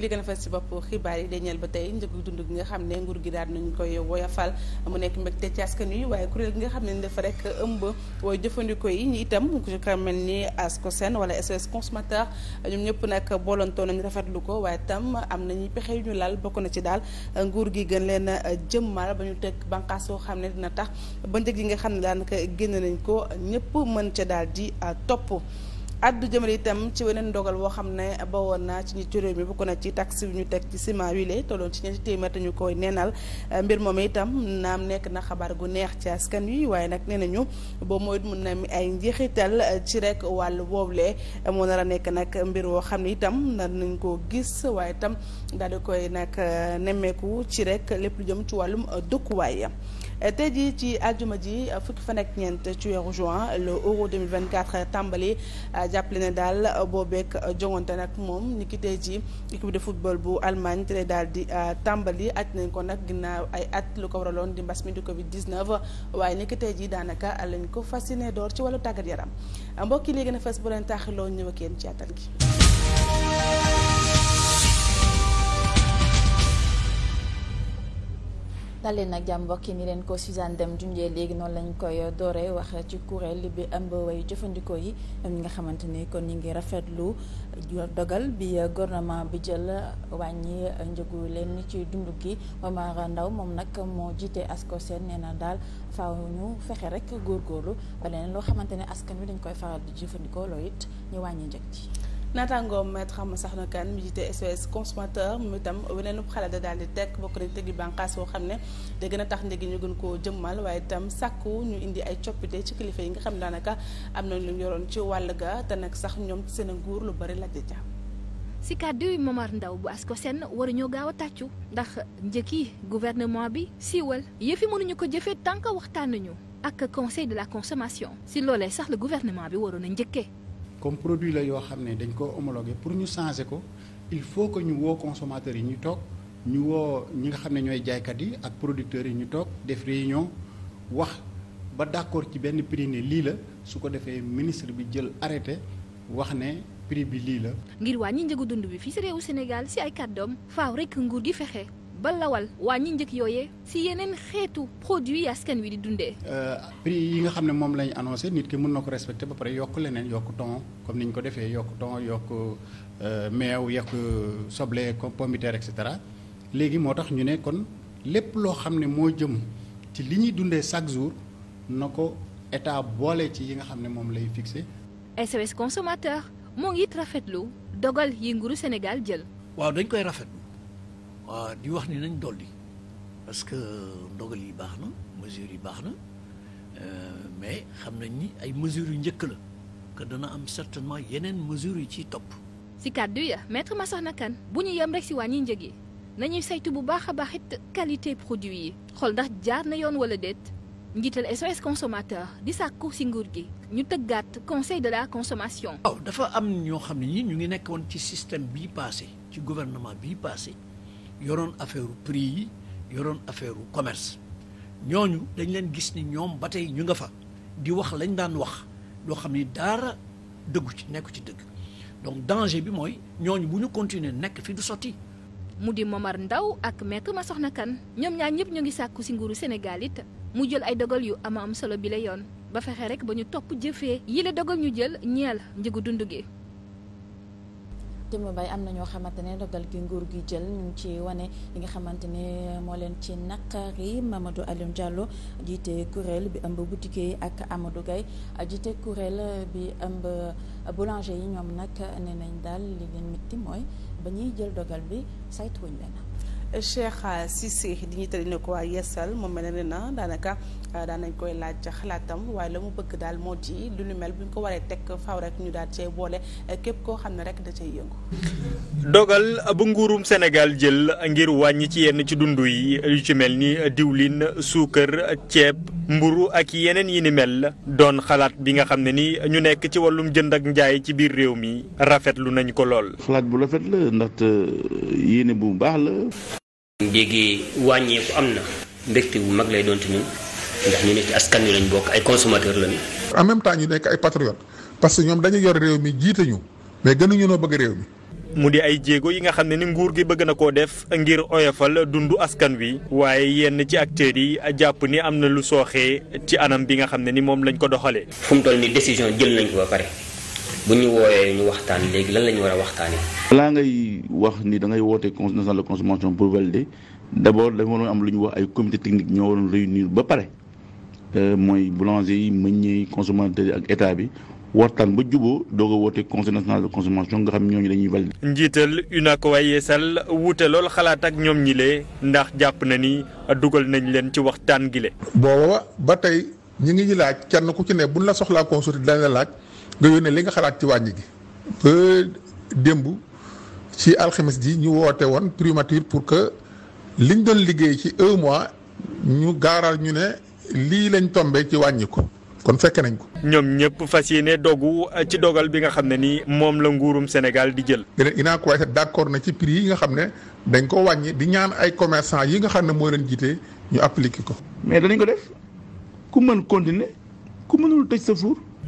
li gën a fas ci bopp xibaar yi dañeel ba tey njëgu dund gi nga xam ne nguur gi daal nañu koy woyafal mu nekk mbégte ci askan wi waaye kuréel gi nga xam ne dafa rek ëmb wooy jëfandikoo yi ñi itam ku ko mel ni ASCOSEN wala SOS consommateur ñoom ñëpp nag boolantoo nañ rafetlu ko waaye itam am nañu pexe yu ñu laal bokk na ci daal nguur gi gën leen jëmmal ba ñu teg bànqaas yoo xam ne dina tax ba njëg yi nga xam ne daanaka génn nañ ko ñëpp mën ca daal di topp addu jëmale itam ci weneen ndogal woo xam ne bawoon naa ci ñi ci réew mi bokk na ci taxe bi ñu teg ci ciment wile tolloon ci ñetti téeméer te ñu koy neenal mbir moom itam naam nekk na xabaar gu neex ci askan wi waaye nag nee nañu boo mooy mun na mi ay njeexital ci rek wàllu woobule moo nar a nekk nag mbir woo xam ne itam nar nañ koo gis waaye itam daal koy nag nemmeeku ci rek lépp lu jëm ci wàllum dëkkuwaay Euh, tey jii ci àjjuma ji euh, fukki fa ak ñeent ci weeru juin le euro 2024 tàmbali euh, jàppale ne daal boobeek jongante nag moom ni ki tey jii équipe de football bu Allemagne te daal di tàmbali aj nañ ko nag ginnaaw ay at lu ko waraloon di mbas mi di Covid 19 waaye ni ki tey jii daanaka lañ ko fasciné door ci wàllu tàggat yaram mbokk yi léegi na fes bu leen taaxiloo ñëw ak ci àttan gi. dalee nag jàmm mbokk ni leen ko Suzanne dem junjee léegi noonu lañu koy dooree wax ci kuréel bi ëmb way jëfandikoo yi ñoom ñi nga xamante ni kon ñu ngi rafetlu dogal bi gouvernement bi jël wàññi njëgu leen ci dund gi Omar Ndaw moom nag moo jiite ASCOSEN nee na daal faaw ñu fexe rek góor góorlu leneen loo xamante ne askan wi dañ koy faral di jëfandikoo loo it ñu wàññi njëg ci naataangoom maître Massakhna Kane mu jiite SOS consommateur mu itam weneen xalaat daal di tekk bokk nañ tegi bànqaas boo xam ne da gën a tax ndegi ñu gën koo jëmmal waaye itam sàkku ñu indi ay coppite ci kilifa yi nga xam daanaka am nañ lu yoroon ci wàll ga te nag sax ñoom seen nguur lu bari laaj ja si kàddu yu Momar Ndaw bu Ascosen ñoo gaaw a tàccu ndax njëkk yi gouvernement bi siiwal yëf yi mënuñu ko jëfee tant que waxtaan nañu ak conseil de la consommation si loolee sax le gouvernement bi waroon a njëkkee comme produit la yoo xam ne dañ ko homologué pour ñu changer ko il faut que ñu woo consommateurs yi ñu toog ñu woo ñi nga xam ne ñooy jaaykat yi ak producteurs yi ñu toog def réunion wax ba d'accord ci benn prix ne lii la su ko defee ministre bi jël arrêté wax ne prix bi lii la. ngir wàññi njëgu dund bi fii si réewu Sénégal si ay kàddoom faaw rek nguur gi fexe. ba lawal waa ñi njëg yooyee si yeneen xeetu produit yi askan wi di dundee. Euh, prix yi nga xam ne moom lañ annoncé nit ki mun na ko respecté ba pare yokk leneen yokk ton comme ni ñu ko defee yokk ton yokk euh, meew yokk euh, soble comme pomme de terre et cetera léegi moo tax ñu ne kon lépp loo xam ne moo jëm ci li ñuy dundee chaque jour na ko état boole ci yi nga xam ne moom lay fixé. SOS consommateur moo ngi rafetlu dogal yi nguuru Sénégal jël. waaw dañ koy rafetlu. waaw ah, di wax ni nañ dolli parce que ndogal yi baax na mesures yi baax na euh, mais xam nañ ni ay mesures yu njëkk la que dana am certainement yeneen mesures yu ciy topp. si kàddu ya maître Massokhna Kane bu ñu yem rek si wàññi njëg yi nañuy saytu bu baax a baax it qualité produit yi xool ndax jaar na yoon wala déet. njiital SOS consommateur di sàkku si nguur gi ñu tëggaat conseil de la consommation. waaw dafa am ñoo xam ne ñi ñu ngi nekkoon ci système bii passé ci gouvernement bii passé. yoroon affaire prix yi yoroon affaire commerce ñooñu dañ leen gis ni ñoom ba tey ñu nga fa di wax lañ daan wax loo xam ni dara dëggu ci nekku ci dëgg donc danger bi mooy ñooñu bu ñu continuer nekk fi du sotti. mu di Momar Ndao ak Maître Massokhna kan ñoom ñaar ñëpp ñu ngi sàkku si nguuru Sénégal it mu jël ay dogal yu ama am solo bi la yoon ba fexe rek ba ñu topp jëfee yi la dogal ñu jël ñeel njëgu dund gi. Demba Mbaye am na ñoo xamante ne dogal gi nguur gi jël ñu ngi ci wane li nga xamante ne moo leen ci naqari Mamadou Alioune Diallo jiite kuréel bi ëmb boutique ak Amadou a jiite kuréel bi ëmb boulanger yi ñoom nag ne nañ daal li leen metti mooy ba ñuy jël dogal bi saytuwuñ leen. Cheikha Cissé di ñuy tëddee ne ko waa moom mel ne na daanaka ah, daan koy laaj ca xalaatam waaye la mu bëgg daal moo di lu nu mel bu ñu ko waree teg faw rek ñu daal cee boole képp koo xam ne rek da cay yëngu. dogal bu nguurum Sénégal jël ngir wàññi ci yenn ci dund yi yu ci mel ni diwlin suukar ceeb mburu ak yeneen yi ni mel doon xalaat bi nga xam ne ni ñu nekk ci wàllum jënd ak njaay ci biir réew mi rafetlu nañ ko lool. xalaat bu rafet la ndaxte yéene léegi wàññeeku am na mbégte bu mag lay doon ci ñun ndax ñu ne ci askan wi lañ bokk ay consommateur lañu. en même temps ñu nekk ay patriote parce que ñoom dañu yor réew mi jiite ñu mais gënuñu noo bëgg réew mi. mu di ay jéego yi nga xam ne ni nguur gi bëgg na koo def ngir oyofal dundu askan wi waaye yenn ci acteurs yi jàpp ni am na lu sooxee ci anam bi nga xam ne ni moom lañ ko doxalee. fu mu toll ni décision jël nañ ko ba pare. bu ñu wooyee ñu waxtaan léegi lan la ñu war a waxtaanee. balaa ngay wax ni da ngay woote conseil national de consommation pour valider d' abord dafa waroon am lu ñu wax ay comité technique ñoo waroon réunir ba pare euh, mooy boulanger yi meññee consommateur ak état bi. waxtaan ba juboo doog a woote conseil national de consommation nga xam ñooñu dañuy valider. njiital UNACOIS waaye yeesal wuute lool xalaat ak ñoom ñi lee ndax jàpp na ni dugal nañ leen ci waxtaan gi le. booba ba tey ñu ngi laaj kenn ku ci ne buñ la soxlaa consulté dañ la nga ne li nga xalaat ci wàññi gi ba démb ci alxemes ji ñu woote woon primature pour que liñ doon liggéey ci un mois ñu gaaral ñu ne lii lañ tombé ci wàññi ko kon fekk nañ ko. ñoom ñëpp fas yéene dogu ci dogal bi nga xam ne ni moom la nguurum Sénégal di jël. ko Unacois d' accord na ci prix yi nga xam ne dañ ko wàññi di ñaan ay commerçant yi nga xam ne moo leen jiite ñu appliqué ko. mais danañ ko def ku mën continuer ku mënul tëj sa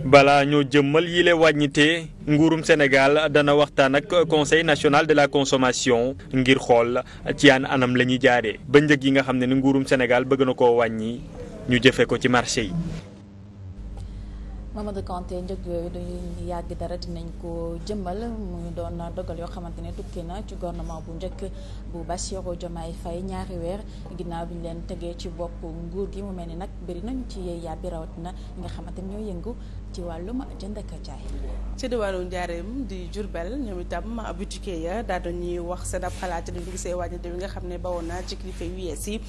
balaa ñoo jëmmal yile wàññite nguurum Sénégal dana waxtaan ak conseil national de la consommation ngir xool ci yaan anam la ñuy jaaree ba njëg yi nga xam ne ni nguurum Sénégal bëgg na koo wàññi ñu jëfe ko ci marché yi. Mamadou Kanté njëg yooyu dañuy yàgg dara dinañ ko jëmmal muy doon dogal yoo xamante ne tukki na ci gouvernement bu njëkk bu Bassirou Diomaye Faye ñaari weer ginnaaw bi ñu leen tegee ci bopp nguur gi mu mel ni nag bëri nañ ci yey yàbbi rawatina ñi ci wàllum jënd ak jaay ci di Jurbel ñoom itam boutique ya daa dañuy wax seen ab xalaat ci dañu gisee wàññite nga xam ne bawoon na ci kilifa yu yees yi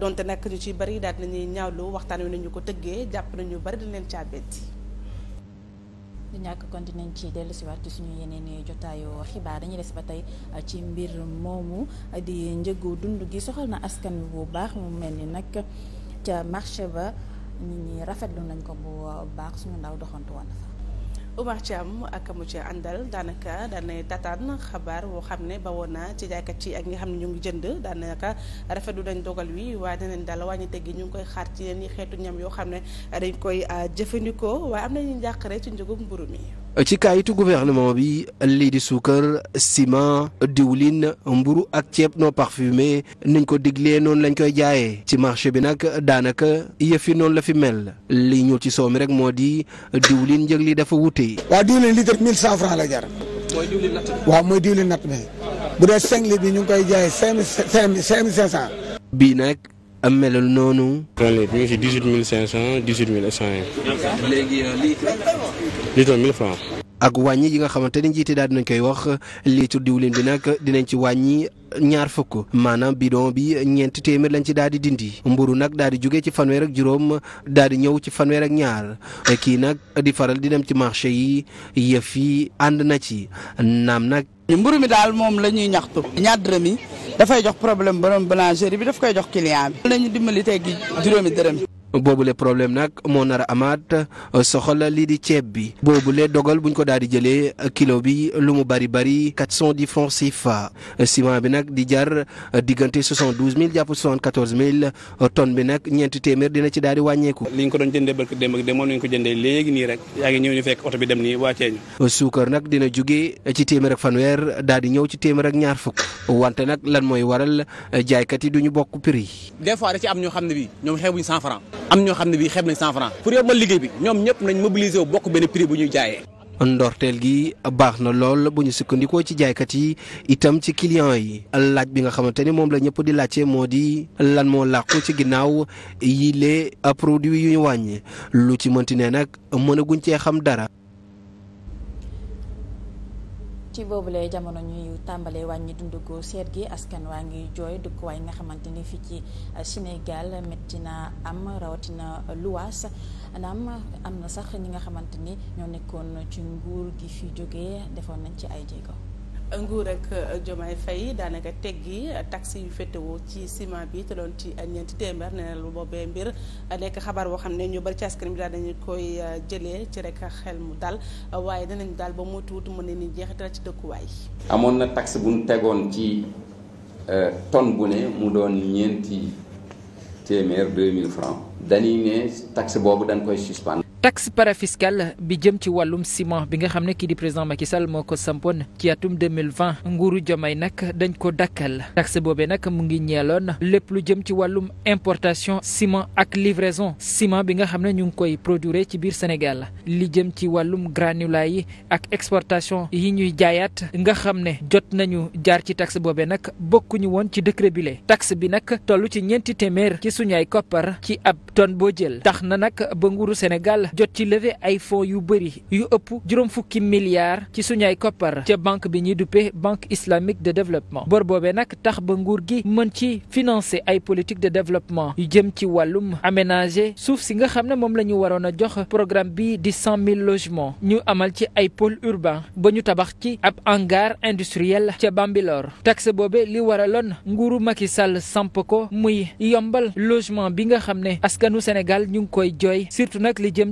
donte nag ñu ciy bëri daal nañuy ñaawlu waxtaan wi nañu ko tëggee jàpp nañu bari dañ leen caabeeti du ñàkk kon ci dellu siwaat ci suñu yeneen jotaayu xibaar dañuy des ba tey ci mbir moomu di njëgu dund gi soxal na askan wi bu baax mu mel ni nag ca marché ba nit ñi rafetlu nañ ko bu uh, baax suñu ndaw doxantu woon fa Oumar Thiam ak mu ci àndal daanaka daanay tataan xabaar woo xam ne bawoon na ci jaaykat yi ak ñi nga xam ne ñu ngi jënd daanaka rafetlu nañ dogal wi waaye neneen daal wàññi teggi ñu ngi koy xaar ci yenn xeetu ñam yoo xam ne dañ koy uh, jëfandikoo waaye am nañu njàqare ci njëgum mburu mi ci kayitu gouvernement bi lii di suukar ciment diwlin mburu ak ceeb non parfumé niñ ko diglee noonu lañ koy jaayee ci marché bi nag daanaka yëf yi noonu la fi mel lii ñuul ci soow mi rek moo di diwlin njëg li dafa wute. waa diwlin litre mille cent franc la jar. mooy mooy diwlin natt bi bu dee cinq bi ñu ngi koy jaayee cinq bii nag. am melul noonu. litre ngi si dix mille cinq cent dix huit mille et cent euh, litre. mille francs. ak wàññi yi nga xamante ni njiite daal dinañ koy wax litre diwlin bi nag dinañ ci wàññi ñaar fukk maanaam bidon bi ñeenti téeméer lañ ci daal di dindi mburu nag daal di jóge ci fan fanweer ak juróom daal di ñëw ci fan fanweer ak ñaar kii nag di faral di dem ci marché yi yëf yi ànd na ci naam nag. mburu mi daal moom la ñuy ñaxtu. ñaar dërëm yi dafay jox problème borom boulangerie bi daf koy jox client bi. nañu dimbali tey gi juróomi dërëm. boobule problème nag moo nar a amaat euh, la lii di ceeb bi boobule dogal buñ ko daal di jëlee euh, kilo bi lu mu bari bari quatre cent dix francs CFA euh, ciment bi nag di jar diggante soixante douze mille jàpp soixante quatorze mille ton bi nag ñeenti téeméer dina ci daal di wàññeeku. li ñu ko doon jëndee barke démb ak démb moom ñu ko jëndee léegi nii rek yaa ngi ñëw ñu fekk oto bi dem nii wàccee ñu. suukar nag dina jóge ci téeméer ak fanweer daal di ñëw ci téeméer ak ñaar fukk wante nag lan mooy waral jaaykat yi du ñu bokk prix. des ci am ñoo xam ne bi ñoom xeebuñ cent francs am ñoo xam ne bii xeeb nañ cent franc pour yombal liggéey bi ñoom ñëpp nañ mobiliser wu bokk benn prix bu ñuy jaayee. ndorteel gi baax na lool bu ñu sukkandikoo ci jaaykat yi itam ci client yi laaj bi nga xamante ni moom la ñëpp di laajte moo di lan moo làqu ci ginnaaw yi les produits yu ñu wàññi lu ci mënti ne nag mënaguñ cee xam dara. ci boobu boobule jamono ñuy tàmbalee wàññi dundu gu seet gi askan waa ngi jooy dëkkuwaay nga xamante ni fii ci euh, Sénégal métti na am rawatina euh, luwaas naam am na sax ñi nga xamante ni ñoo nekkoon ci nguur gi fi jóge defoon nañ ci ay jéego. nguur ak euh, Diomaye Faye daanaka teggi taxi yu féetewoo ci ciment bi te doon ci ñeenti téeméer nee na lu boobee mbir nekk xabaar boo xam ne ñu bari ci askan bi daal dañu koy euh, jëlee ci rek xel mu dal waaye dinañu daal ba mu tuuti mën nañu jeexital ci dëkkuwaay. amoon na taxe bu ñu tegoon ci euh, ton bu ne mu doon ñeenti téeméer deux mille francs dañuy ne taxe boobu dañ koy suspendre. taxe parafiscale bi jëm ci wàllum ciment bi nga xam ne kii di président Macky Sall moo ko sampoon ci atum 2020 nguuru Diomaye nag dañ ko dakkal taxe boobe nag mu ngi ñeeloon lépp lu jëm ci wàllum importation ciment ak livraison ciment bi nga xam ne ñu ngi koy produire ci biir Sénégal li jëm ci wàllum granulat yi ak exportation yi ñuy jaayaat nga xam ne jot nañu jaar ci taxe boobe nag bokkuñu woon ci décret bi le bi nag tollu ci ñeenti téeméer ci suñu ay koppar ci ab tonne boo jël tax na nag ba nguuru Sénégal jot ci lever ay fonds yu bëri yu ëpp juróom fukki milliards ci suñu ay koppar ca banque bi ñuy duppee banque islamique de développement bor boobee nag tax ba nguur gi mën ci financer ay politique de développement yu jëm ci wàllum aménager suuf si nga xam ne moom la ñu waroon a jox programme bi di cent mille ñu amal ci ay pôle urbain ba ñu tabax ci ab hangar industriel ca Bambilor taxe boobe li waraloon nguuru Macky Sall samp ko muy yombal logement bi nga xam ne askanu Sénégal ñu ngi koy jooy surtout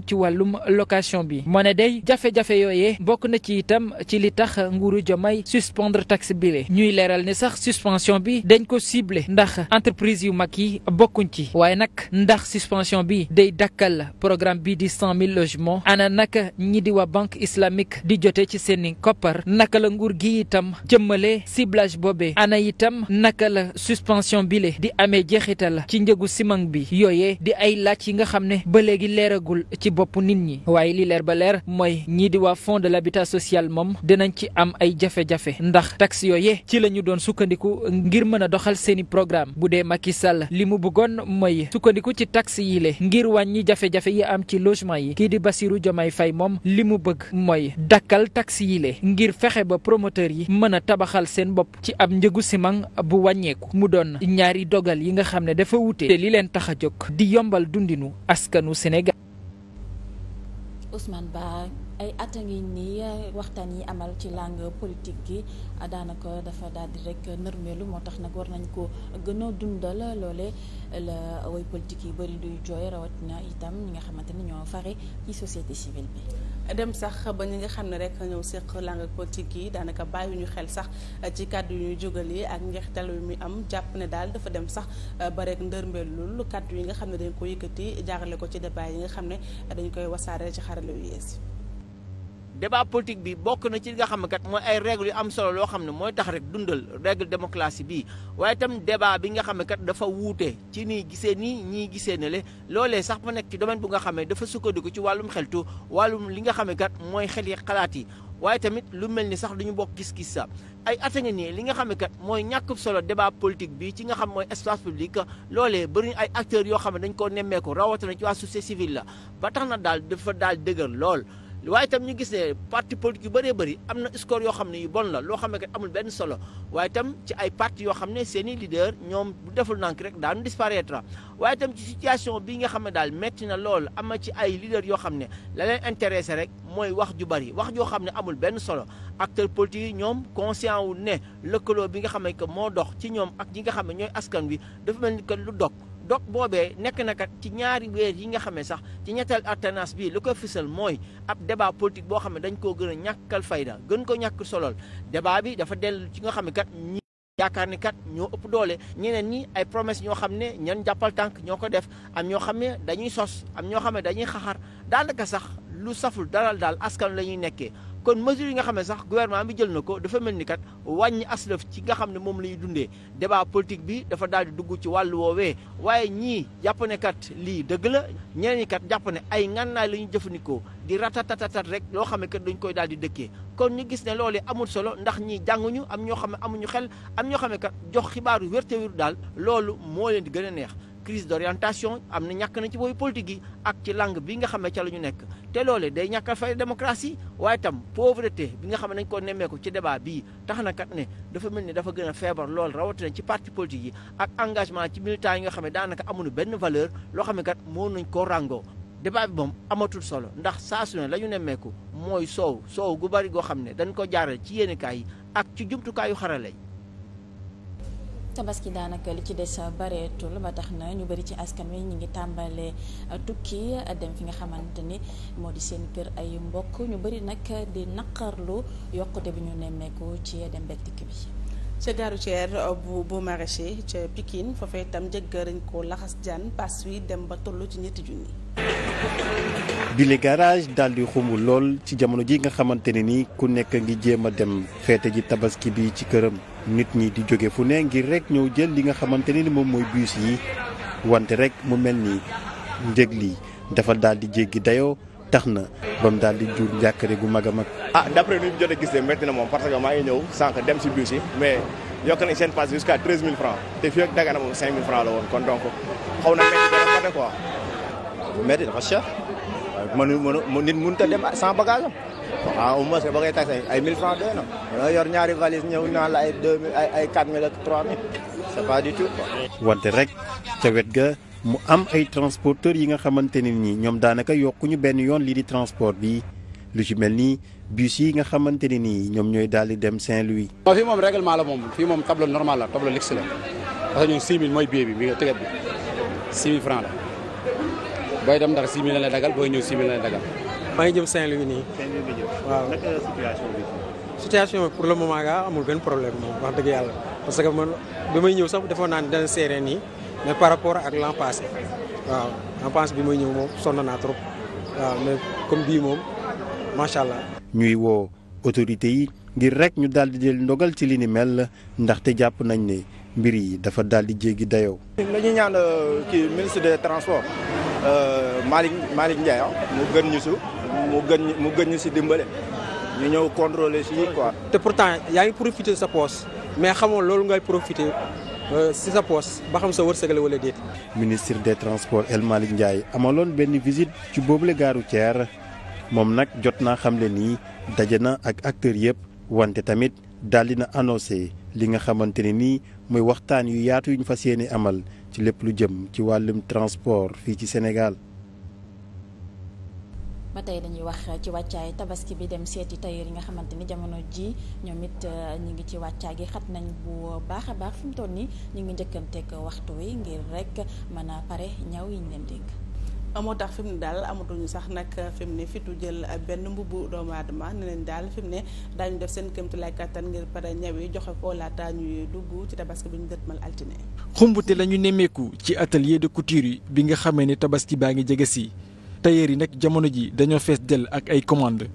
ci wàllum location bi moo ne day jafe-jafe yooyee bokk na ci itam ci li tax nguuru Diomaye suspendre tax bile ñuy leeral ne sax suspension bi dañ ko cible ndax entreprise yu mag yi bokkuñ ci waaye nag ndax suspension bi day dakkal la programme bi di cent mille logements ana naka ñi di waa banque islamique di jote ci seeni koppar naka la nguur gi itam jëmmale ciblage boobee ana itam naka la suspension bile di amee jeexital ci njëgu simon bi yooyee di ay laaj bopp nit ñi waaye li leer ba leer mooy ñii di waa fonds de l'habitat social moom dinañ ci am ay jafe-jafe ndax taxe yooye ci la ñu doon sukkandiku ngir mën a doxal seeni programme bu dee Macky Sall li mu bëggoon mooy sukkandiku ci taxe yi le ngir wàññi jafe yi am ci logement yi kii di Bassirou Diomaye Faye moom li mu bëgg mooy dakkal taxe ngir fexe ba promoteur yi mën a tabaxal seen bopp ci ab njëgu simang bu wàññeeku mu doon ñaari dogal yi nga xam ne dafa wuute li leen tax a jóg di yombal dundinu askanu Sénégal man Ba ay at a ngi nii waxtaan yi amal ci langue politique gi daanaka dafa daal di rek nërmeelu moo tax nag war nañ ko gënoo dundal loole la way politique yi bëri duy jooy rawatina itam ñi nga xamante ni ñoo fare ci société bi. dem sax ba ñi nga xam ne rek ñëw seq langue politique yi daanaka ñu xel sax ci kàddu yu ñuy jógalee ak ngeex yu muy am jàpp ne daal dafa dem sax ba rek ndërmbeelul kàddu yi nga xam ne dañ ko yëkkati jaarale ko ci débat yi nga xam ne dañ koy wasaare ci xarale yu yees débat politique bi bokk na ci li nga xam ne kat mooy ay règles am solo loo xam ne mooy tax rek dundal règle démocratie bi waaye itam débat bi nga xam kat dafa wuute ci nii gisee nii ñii gisee ne le loolee sax ma nekk ci domaine bu nga xam dafa sukkadiku ci wàllum xeltu wàllum li nga xam kat mooy xel yi xalaat yi waaye tamit lu mel ni sax duñu bokk gis-gis sa ay at a ngi nii li nga xam ne kat mooy ñàkkub solo débat politique bi ci nga xam mooy espace public loolee bëriñ ay acteurs yoo xam ne dañ koo nemmeeku rawatina ci waa société civile la ba tax na daal dafa daal dëgër lool waaye tam ñu gis ne parti politique yu bëree bëri am na score yoo xam ne yu bon la loo xam ne kat amul benn solo waaye tam ci ay parti yoo xam ne seen i leader ñoom bu deful nank rek daanu disparaître waaye itam ci situation bi nga xam ne daal métti na lool am na ci ay leader yoo xam ne la leen intéressé rek mooy wax ju bari wax joo xam ne amul benn solo acteur politique yi ñoom conscient wu ne lëkkaloo bi nga xam ne que moo dox ci ñoom ak ñi nga xam ne ñooy askan wi dafa mel ni que lu dog dog boobee nekk na ci ñaari weer yi nga xam ne sax ci ñetteel alternance bi lu ko fësal mooy ab débat politique boo xam ne dañ koo gën a ñàkkal fayda gën ko ñàkk solol débat bi dafa dellu ci nga xam kat ñi yaakaar ni kat ñoo ëpp doole ñeneen ñi ay promesse ñoo xam ne ñan jàppal tànk ñoo ko def am ñoo xam ne dañuy sos am ñoo xam ne dañuy xaxar daanaka sax lu saful dalal daal askan la ñuy nekkee kon mesure yi nga xam ne sax gouvernement bi jël na ko dafa mel nikat wàññi aslëf ci nga xam ne moom lañuy dundee débat politique bi dafa daal dugg ci wàllu woowee waaye ñii jàpp ne lii dëgg la ñeneen ñi jàpp ne ay ngànnaay la ñu jëfandikoo di ratatatatat rek loo xam ne kat dañ koy daal di dëkkee kon ñu gis ne loolu amul solo ndax ñii jànguñu am ñoo xam ne amuñu xel am ñoo xam ne kat jox xibaaru wérte wéru daal loolu moo leen di gën a neex crise d'orientation am na ñàkk na ci booy politique yi ak ci langue bi nga xam ne ca la ñu nekk te loole day ñàkk a fay démocratie waaye tam pauvreté bi nga xam ne dañ ko nemmeeku ci debaa bii tax na kat ne dafa mel ni dafa gën a feebar lool rawatina ci parti politique yi ak engagement ci militants yi nga xam ne daanaka amuñu benn valeur loo xam ne kat moo nañ koo ràngoo débat bi moom amatul solo ndax saa su ne la ñu nemmeeku mooy soow soow gu bari goo xam ne dañ ko jaaral ci yéenekaay yi ak ci jumtukaayu xarala tabaski daanaka li ci des a bareetul ba tax na ñu bëri ci askan wi ñu ngi tàmbalee euh, a tukki dem fi nga xamante ni moo di seen kër ay mbokk ñu bari nag di naqarlu yokkute bi ñu nemmeeku ci dem beeg dikk bi. ca gaaru ceer euh, bu bu maraîcher ca Pikine foofee itam jëggëriñ ko laxas jaan pass wi dem ba toll ci ñetti junni. bile garage daal di xumb lool ci jamono ji nga xamante ne ni ku nekk ngi jéem a dem feete ji tabaski bi ci këram. nit ñi di jóge fu ne ngir rek ñëw jël li nga xamante ne ni moom mooy bus yi wante rek mu mel ni njëg lii dafa daal di jéggi dayoo tax na ba mu daal di jur njàkkare gu mag a mag. ah d'après nu jot a gis de métti na moom parce que maa ngi ñëw sànq dem si bus yi mais yokk nañ seen passe jusqu'à treize mille francs te fii ak Dagana moom cinq mille francs la woon kon donc xaw na métti benn côté quoi. métti dafa cher. waaye nit mënut a dem sans bagage ah eh, au moins ba ngay taxé eh, ay 1000 francs doy na yor ñaari valise ñëw naa la ay 2000 ay ay 4000 ak 3000 c'est pas du tout wante rek ca wet ga mu am ay transporteurs yi nga xamante ne nii ñoom daanaka ñu benn yoon lii di transport bi lu ci mel nii bus yi nga xamante ne nii ñoom ñooy daal di dem Saint-Louis. non fii moom règlement la moom fii moom tableau normal la tableau luxe la parce que ñun mooy billet bi bi nga tëgat bi 6000 francs dem ndax 6000 la lay dagal booy ñëw 6000 lay dagal. maa ngi jëm Saint-Louis nii. waaw situation bi. situation bi pour le moment gaa amul benn problème moom wax dëgg yàlla parce que man bi may ñëw sax defoon naa ne dana seeree nii mais par rapport ak l'an passé bi may ñëw moom sonn naa trop waaw mais comme bii moom macha allah. ñuy woo autorités yi ngir rek ñu daal di jël ndogal ci li ni mel ndaxte jàpp nañ ne mbir yi dafa daal di jéggi dayoo. dañuy ñaan euh, kii ministre des transports euh, Malick Malick Ndiaye ah, mu gën ñu mu gën mu gën ñu si dimbale ñu ñëw contrôler si quoi. te pourtant yaa ngi profité sa poos mais xamoon loolu ngay profité euh, si sa poos ba xam sa wërsëgale wala déet. ministre des transport El Malick Ndiaye amaloon benn visite ci boobu boobule gaaru Thier moom nag jot naa xamle nii daje na ak acteurs yëpp wante tamit daal di na annoncé li nga xamante ne nii muy waxtaan yu yaatu yu ñu fas yéene amal ci lépp lu jëm ci wàllum transport fii ci Sénégal. ba tey dañuy wax ci wàccaay tabaski bi dem seeti tailleur yi nga xamante ni jamono ji ñoom it euh, ñu ngi ci wàccaay gi xat nañ bu baax a baax fi mu toll nii ñu ngi njëkkanteeg waxtu wi ngir rek mën a pare ñaw yi ñu leen dénk. moo tax fi mu ne daal amatuñu sax nag fi ne fitu jël benn mbubu doomu aadama ne leen daal fi mu ne daañu def seen kéemtulaay kattan ngir pare ñaw yi joxe ko laata ñuy dugg ci tabaski bi ñu dëtmal altine. xumbute la ñu nemmeeku ci atelier de couture yi bi nga xamee ne tabaski baa ngi jege si. tailleur yi nag jamono ji dañoo fees dell ak ay commande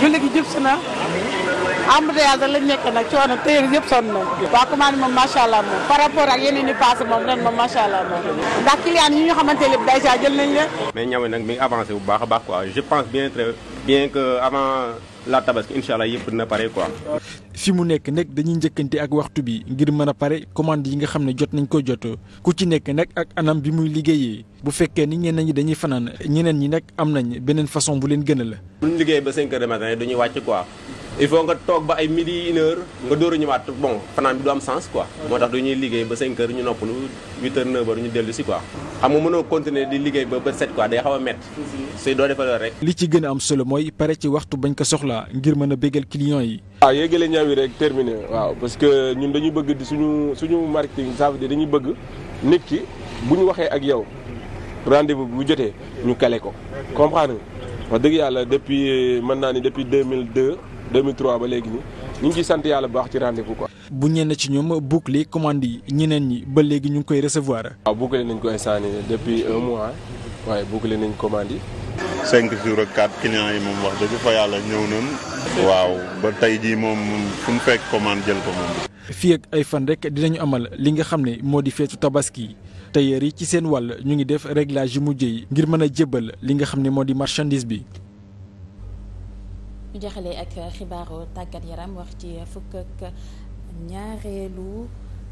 julli gi jub si na embouteillage lañ nekk nag coono tailleur yëpp sonn na waa commande moom macha allah moom par rapport ak yeneen yi passé moom ren moom macha allah nañ leen mais ñaw nag mi ngi bu baax a baax quoi je pense bien très bien que avant la tabaski incha allah yëpp dina pare quoi. fi mu nekk nag dañuy njëkkante ak waxtu bi ngir mën a pare commande yi nga xam ne jot nañ koo jotoo ku ci nekk nag ak anam bi muy liggéeyee bu fekkee ni ñeneen ñi dañuy fanaan ñeneen ñi nag am nañ beneen façon bu leen gën a la. bu ñu liggéeyee ba 5 heures du matin du wàcc quoi. il faut nga toog ba ay midi une nga door a ñëwaat bon fanaan bi du am sens quoi. moo tax dañuy liggéey ba 5 heures ñu noppalu 8 heures 9 ñu dellu si quoi. xam nga mënoo continuer di liggéey ba ba 7 quoi day a métti. suy doo defal rek. li ci gën a am solo mooy pare ci waxtu bañ ko soxlaa ngir mën a bégal clients yi. waaw ah, yéegale ñaaw yi rek terminé waaw parce que ñun dañu bëgg di suñu suñu marketing ça veut dire dañuy bëgg nit ki bu ñu waxee ak yow rendez-vous bu jotee ñu kale ko comprendre nga wax dëgg yàlla depuis mën naa ni depuis 2002. 2003 ba léegi nii ñu ngi sant yàlla bu baax ci rendez-vous ko bu ñenn ci ñoom boucler commande yi ñeneen ñi ba léegi ñu ngi koy recevoir. waaw lee nañ ko instant nii depuis un mois waaye boucler nañ commande yi. cinq jours ak quatre clients yi moom wax dëgg fa yàlla ñëw nañ. waaw ba tey jii moom fu mu fekk commande jël ko moom. ay fan rek dinañu amal li nga xam ne moo di feetu tabaski tailleur yi ci seen wàll ñu ngi def réglage yu yi ngir mën a jébbal li nga xam ne moo di marchandise bi. ñu jeexalee ak xibaaru tàggat yaram wax ci fukk ak ñaareelu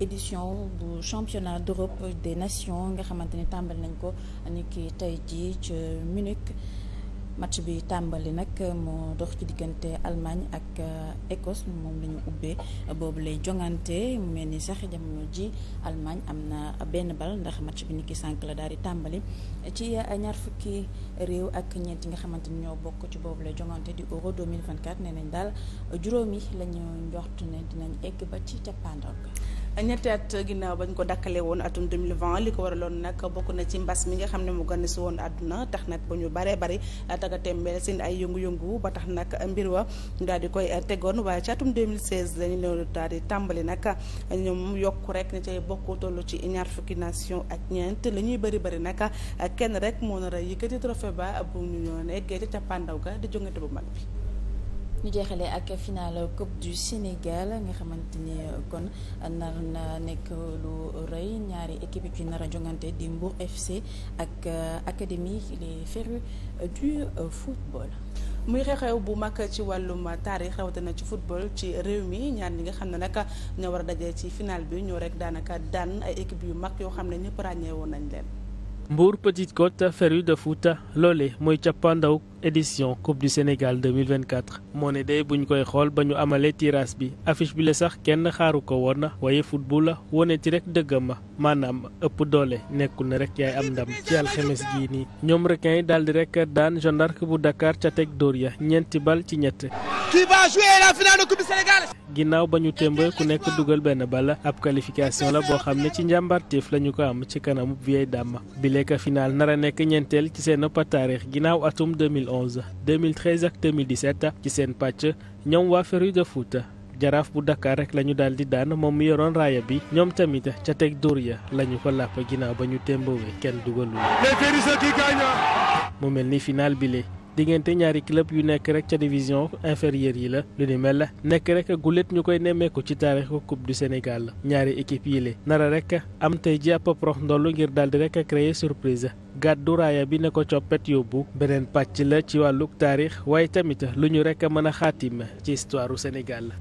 édition bu championnat d'Europe des nations nga xamante ni tàmbali nañ ko ni ki tey ca Munich match bi tàmbali nag moo dox ci diggante Allemagne ak euh, Écosse moom la ñu ubbee boobu lay jongante mu mel ni sax jamono ji Allemagne am na benn bal ndax match bi niki sànq la daal di tàmbali ci euh, ñaar fukki réew ak ñeent yi nga xamante ni ñoo bokk ci boobu lay jongante di Euro 2024 nee nañ daal juróomi la ñu njort ne dinañ egg ba ci cappaandaw ñetti at ginnaaw bañ ko dakkale woon atum 2020 li ko waraloon nag bokk na ci mbas mi nga xam ne mu gane si woon àdduna tax nag ba ñu baree bari taga tembeel seen ay yëngu-yëngu ba tax nag mbir wa daal di koy tegoon waaye ci atum 2016 dañu leen daal di tàmbali nag ñoom yokk rek ña cay bokk toll ci ñaar fukki nation ak ñeent li ñuy bëri bëri nag kenn rek moo nar a yëkkati trophée ba bu ñu ñoo nekkee ca cappaandaw ga di jongante bu mag bi ñu jeexalee ak final coupe du Sénégal nga xamante ni euh, kon nar na nekk lu rëy ñaari équipe bi ci nar a jongante di Mbour FC ak euh, académie les férus euh, du football. muy xew-xew bu mag ci wàllum taarix rawatina ci football ci réew mi ñaar ñi nga xam ne nag ñoo war a dajee ci final bi ñoo rek daanaka daan ay équipe yu mag yoo xam ne ñëpp ràññee woon nañ leen. Mbour Petite Côte Ferru de Fouta loole mooy cappaandaw édition Coupe du Sénégal 2024 moo ne day buñ koy xool ba ñu amalee tirage bi affiche bi la sax kenn xaaru ko woon na waaye football la wone ci rek dëggam ma maanaam ëpp doole nekkul na rek yaay am ndam ci alxemes gii nii ñoom requin yi daal di rek daan Jeanne bu Dakar ca teg dóor ya ñeenti bal ci ñett. ginnaaw ba ñu témb ku nekk dugal benn bala ab qualification la boo xam ne ci njàmbarteef la ñu ko am ci kanamu vieille dame bi lekk finaal nar nekk ñeenteel ci seen pataarix ginnaaw atum 2011 2013 ak 2017 ci seen pàcc ñoom waa Féru de Foot jaraaf bu Dakar rek la ñu daal di daan moom mu yoroon raaya bi ñoom tamit ca teg dóor ya lañu ñu ko làpp ginnaaw ba ñu témbawee kenn dugalul mu mel ni final bi diggante ñaari club yu nekk rek ca division inférieure yi la lu ni mel la nekk rek gulet ñu koy nemmeeku ci taarixu coupe du Sénégal ñaari équipe yi la nara rek am tey ji ab prox ndollu ngir daldi rek créer surprise gàddu raaya bi ne ko coppet yóbbu beneen pàcc la ci wàllu taarix waaye tamit lu ñu rek mën a xaatim ci histoire u Sénégal.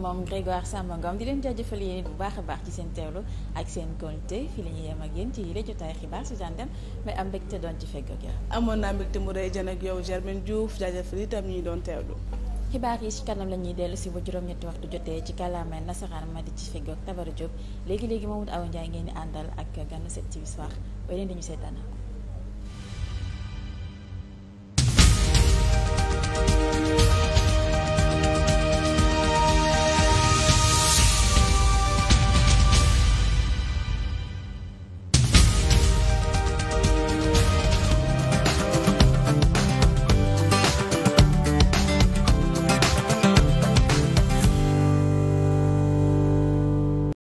moom Grégoire Samba Ngom di leen jaajëfal yéen bu baax a baax ci seen teewlu ak seen konte fi la ñuy yem ak ci yile jotaay xibaar si dem mais am mbégte doon ci fegg ak yow. amoon naa mbégte mu rëy jën ak yow Germaine Diouf jaajëfal itam ñi doon teewlu. xibaar yi ci kanam la ñuy dellu si bu juróom-ñetti waxtu jotee ci kàllaama nasaraan ma di ci fegg ak Tabara Diop léegi léegi Mamadou Awa Ndiaye ngeen di àndal ak ganna 7TV Soir ba leen di ñu